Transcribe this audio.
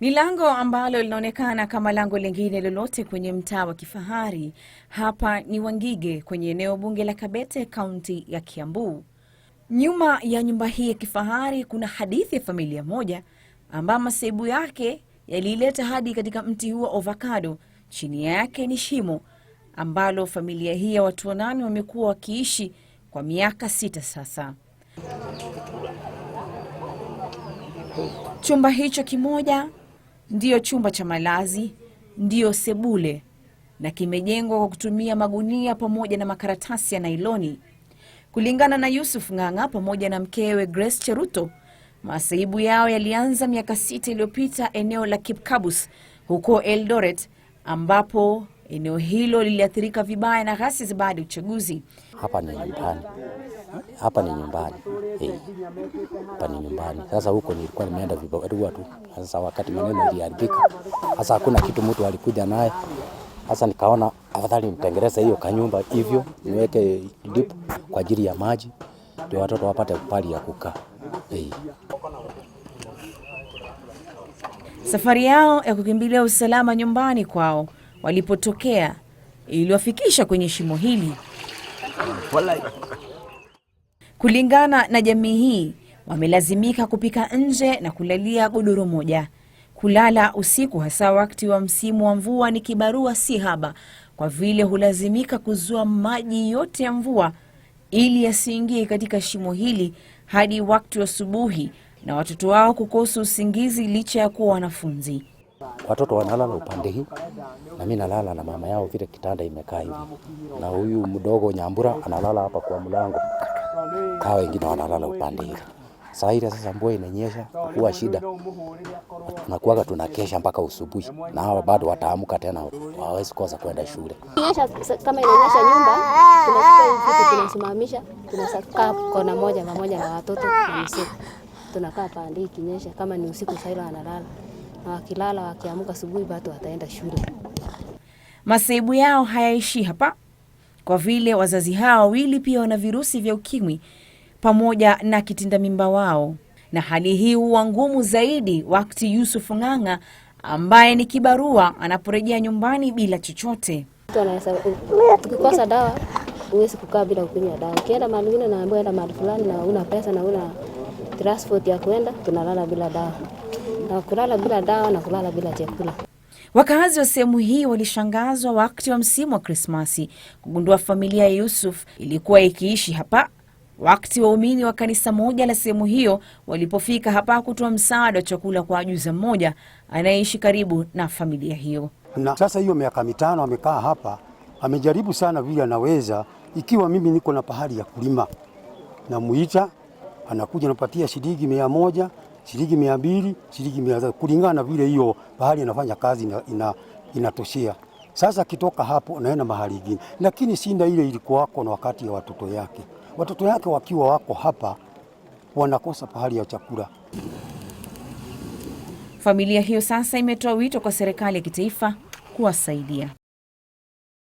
Ni lango ambalo linaonekana kama lango lingine lolote kwenye mtaa wa kifahari. Hapa ni Wangige kwenye eneo bunge la Kabete, kaunti ya Kiambu. Nyuma ya nyumba hii ya kifahari kuna hadithi ya familia moja ambayo masaibu yake yaliileta hadi katika mti huu wa ovakado. Chini yake ni shimo ambalo familia hii ya watu wanane wamekuwa wakiishi kwa miaka sita sasa. Chumba hicho kimoja ndiyo chumba cha malazi, ndiyo sebule, na kimejengwa kwa kutumia magunia pamoja na makaratasi ya nailoni. Kulingana na Yusuf Ng'ang'a pamoja na mkewe Grace Cheruto, masaibu yao yalianza miaka sita iliyopita eneo la Kipkabus huko Eldoret ambapo Eneo hilo liliathirika vibaya na ghasia za baada ya uchaguzi. Hapa ni nyumbani, hapa ni nyumbani hey. Eh, hapa ni nyumbani. Sasa huko nilikuwa nimeenda vibarua tu. Sasa wakati maneno iliharibika, sasa hakuna kitu mtu alikuja naye. Sasa nikaona afadhali nitengeneze hiyo kanyumba hivyo, niweke dip kwa ajili ya maji, ndio watoto wapate pali ya kukaa Hey. Eh. Safari yao ya kukimbilia usalama nyumbani kwao walipotokea iliwafikisha kwenye shimo hili. Kulingana na jamii hii, wamelazimika kupika nje na kulalia godoro moja. Kulala usiku, hasa wakati wa msimu wa mvua, ni kibarua si haba, kwa vile hulazimika kuzua maji yote ya mvua ili yasiingie katika shimo hili hadi wakati wa subuhi, na watoto wao kukosa usingizi licha ya kuwa wanafunzi. Watoto wanalala upande hii na mimi nalala na mama yao, vile kitanda imekaa hivi, na huyu mdogo Nyambura analala hapa kwa mlango, hawa wengine wanalala upande hii. Saa ile sasa mvua inanyesha kuwa shida, tunakuwaga tunakesha mpaka usubuhi, na hawa bado wataamka tena, hawawezi kosa kwenda shule. kama inanyesha, nyumba tunachukua tunasimamisha, tunakaa kona moja pamoja na watoto na msitu, tunakaa pande ikinyesha, kama ni usiku Saira analala na wakilala wakiamka asubuhi bado wataenda shule. Masaibu yao hayaishi hapa, kwa vile wazazi hao wawili pia wana virusi vya ukimwi pamoja na kitinda mimba wao, na hali hii huwa ngumu zaidi wakati Yusuf Ng'ang'a ambaye ni kibarua anaporejea nyumbani bila chochote. Tukikosa dawa huwezi kukaa bila kunywa dawa. Ukienda mahali ingine naambiwa enda mahali fulani na una pesa na una transport ya kwenda, tunalala bila dawa na kulala bila dawa na kulala bila chakula. Wakazi wa sehemu hii walishangazwa wakati wa msimu wa Krismasi kugundua familia ya Yusuf ilikuwa ikiishi hapa wakati waumini wa kanisa moja la sehemu hiyo walipofika hapa kutoa msaada wa chakula kwa ajuza mmoja anayeishi karibu na familia hiyo. Na sasa hiyo miaka mitano amekaa hapa, amejaribu sana vile anaweza. Ikiwa mimi niko na pahali ya kulima, namuita anakuja, napatia shilingi mia moja, shilingi mia mbili shilingi mia tatu kulingana na vile hiyo bahari inafanya kazi ina, ina, inatoshea. Sasa kitoka hapo naenda mahali ingine, lakini shinda ile ilikuwako na wakati ya watoto yake, watoto yake wakiwa wako hapa wanakosa pahali ya chakula. Familia hiyo sasa imetoa wito kwa serikali ya kitaifa kuwasaidia.